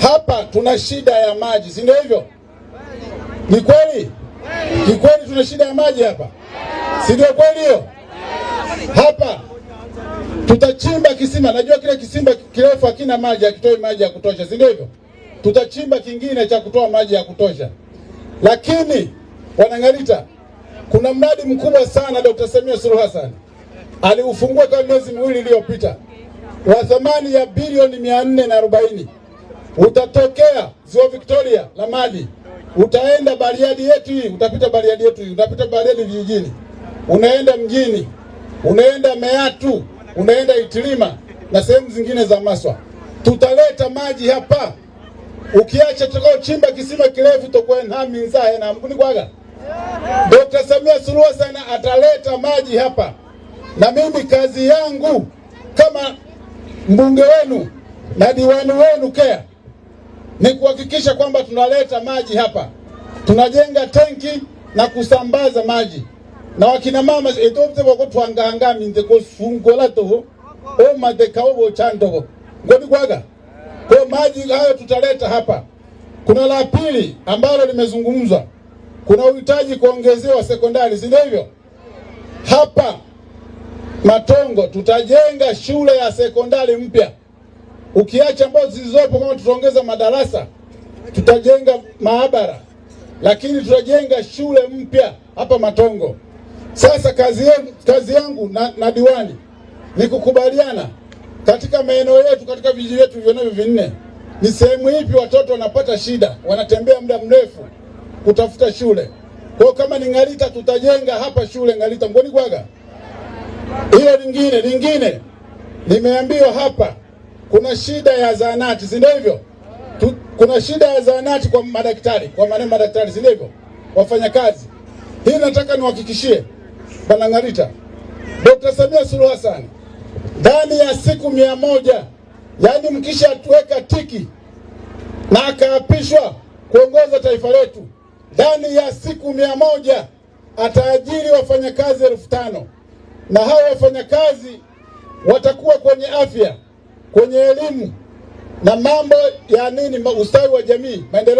hapa tuna shida ya maji, si ndio? Hivyo ni kweli, ni kweli tuna shida ya maji hapa, si ndio? Kweli hiyo hapa tutachimba kisima, najua kile kisima kirefu hakina maji, hakitoi maji ya kutosha, si ndio? Hivyo tutachimba kingine cha kutoa maji ya kutosha. Lakini wanang'alita, kuna mradi mkubwa sana Dr. Samia Suluhu Hassan aliufungua kama miezi miwili iliyopita wa thamani ya bilioni mia nne na arobaini. Utatokea Ziwa Victoria la maji, utaenda Bariadi yetu hii, utapita Bariadi yetu hii, utapita Bariadi vijijini, unaenda mjini, unaenda Meatu, unaenda Itilima na sehemu zingine za Maswa. Tutaleta maji hapa, ukiacha tutakao oh, chimba kisima kirefu kwaga Dr. Samia Suluhu Hassan ataleta maji hapa, na mimi kazi yangu kama mbunge wenu na diwani wenu kea ni kuhakikisha kwamba tunaleta maji hapa, tunajenga tenki na kusambaza maji na wakina mama etobuteboko twangangaminze kosungola toho chando bochandobo kwaga kwa maji hayo tutaleta hapa. Kuna la pili ambalo limezungumzwa, kuna uhitaji kuongezewa sekondari, si ndio Hapa Matongo tutajenga shule ya sekondari mpya Ukiacha ambazo zilizopo, kama tutaongeza madarasa, tutajenga maabara, lakini tutajenga shule mpya hapa Matongo. Sasa kazi yangu, kazi yangu na, na diwani ni kukubaliana katika maeneo yetu, katika vijiji vyetu vionavyo vinne, ni sehemu ipi watoto wanapata shida, wanatembea muda mrefu kutafuta shule. Kwa hiyo kama ni Ng'alita, tutajenga hapa shule Ng'alita mboni kwaga hiyo lingine lingine nimeambiwa hapa kuna shida ya zahanati, si ndio hivyo? Kuna shida ya zahanati kwa madaktari, kwa maana madaktari, si ndio hivyo? Wafanyakazi, hii nataka niwahakikishie bwana Ng'arita, Dr. Samia Suluhu Hassan ndani ya siku mia moja, yaani mkisha tuweka tiki na akaapishwa kuongoza taifa letu, ndani ya siku mia moja ataajiri wafanyakazi elfu tano na hao wafanyakazi watakuwa kwenye afya kwenye elimu na mambo ya nini, ustawi wa jamii, maendeleo.